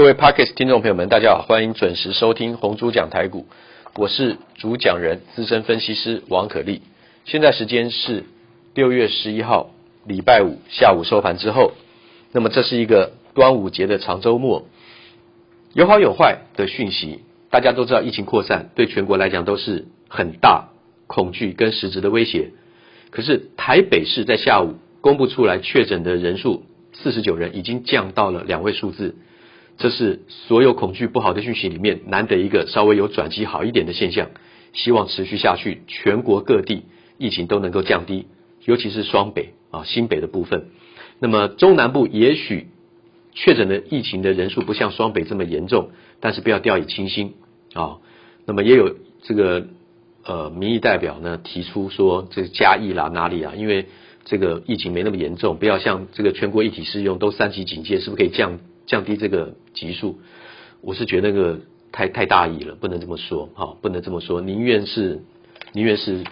各位 Podcast 聽眾朋友們，大家好，歡迎準時收聽紅豬講台股，我是主講人資深分析師王可立。現在時間是六月十一號禮拜五下午收盤之後，那麼這是一個端午節的長週末，有好有壞的訊息。大家都知道，疫情擴散對全國來講都是很大恐懼跟實質的威脅。可是台北市在下午公布出來確診的人數四十九人，已經降到了兩位數字。這是所有恐懼不好的訊息裡面難得一個稍微有轉機好一點的現象，希望持續下去，全國各地疫情都能夠降低，尤其是雙北啊、哦、新北的部分。那麼中南部也許確診的疫情的人數不像雙北這麼嚴重，但是不要掉以輕心啊、哦。那麼也有這個呃民意代表呢提出說這個嘉義，這嘉義啦哪裡啊，因為這個疫情沒那麼嚴重，不要像這個全國一體適用都三級警戒，是不是可以降？降低這個級數，我是覺得那個太太大意了，不能這麼說哈，不能這麼說，寧願是寧願是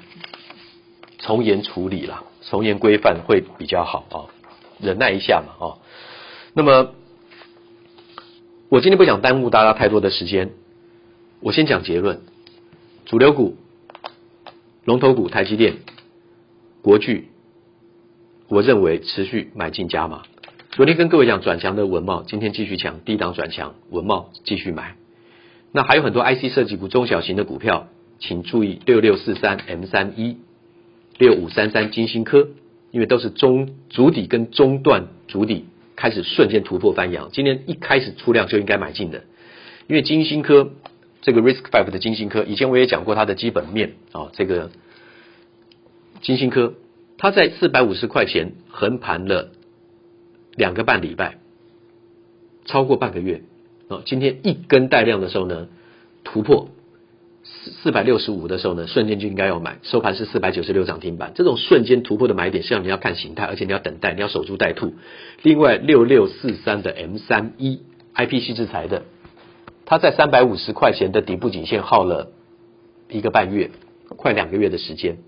從嚴處理啦，從嚴規範會比較好啊，忍耐一下嘛啊。那麼我今天不想耽誤大家太多的時間，我先講結論：主流股、龍頭股、台積電、國巨，我認為持續買進加碼。昨天跟各位講轉強的穩懋，今天繼續強，低檔轉強穩懋，繼續買。那還有很多 IC 設計股、中小型的股票，請注意六六四三、M 三一、六五三三晶心科，因為都是中主底跟中段主底開始瞬間突破翻揚，今天一開始出量就應該買進的。因為晶心科這個 RISC-V 的晶心科，以前我也講過它的基本面啊、哦，這個晶心科它在四百五十塊錢橫盤了。兩個半禮拜，超過半個月。哦，今天一根帶量的時候呢，突破四四百六十五的時候呢，瞬間就應該要買。收盤是四百九十六漲停板，這種瞬間突破的買點，是讓你要看形態，而且你要等待，你要守株待兔。另外，六六四三的 M 三一，IP 矽智財的，它在三百五十塊錢的底部頸線耗了一個半月，快兩個月的時間。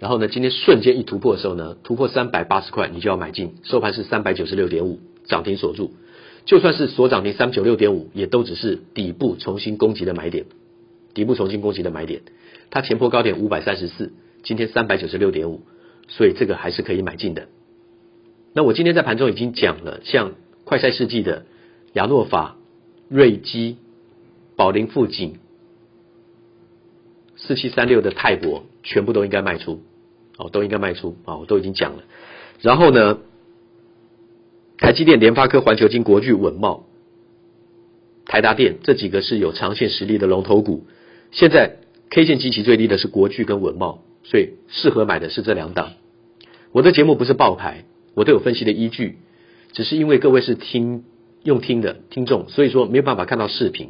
然後呢，今天瞬間一突破的時候呢，突破三百八十塊，你就要買進。收盤是三百九十六點五，漲停鎖住。就算是鎖漲停三百九十六點五，也都只是底部重新攻擊的買點，底部重新攻擊的買點。它前波高點五百三十四，今天三百九十六點五，所以這個還是可以買進的。那我今天在盤中已經講了，像快賽世紀的亞諾法、瑞基、寶林富錦、四七三六的泰博，全部都應該賣出。哦，都應該賣出啊！我、哦、都已經講了。然後呢，台積電、聯發科、環球晶、國巨、穩懋、台達電這幾個是有長線實力的龍頭股。現在 K 線極其最低的是國巨跟穩懋，所以適合買的是這兩檔。我的節目不是報牌，我都有分析的依據，只是因為各位是聽用聽的聽眾，所以說沒有辦法看到視頻，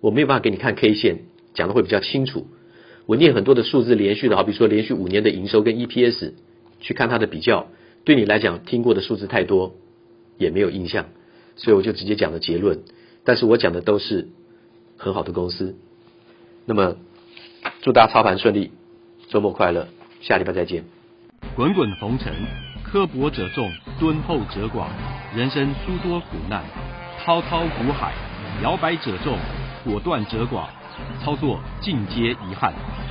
我沒有辦法給你看 K 線，講得會比較清楚。我念很多的數字，連續的好，比如說連續五年的營收跟 EPS，去看它的比較，對你來講聽過的數字太多，也沒有印象，所以我就直接講了結論。但是我講的都是很好的公司，那麼祝大家操盤順利，周末快樂，下禮拜再見。滾滾紅塵，刻薄者眾，敦厚者寡，人生諸多苦難，滔滔苦海，搖擺者眾，果斷者寡，操作盡皆遺憾。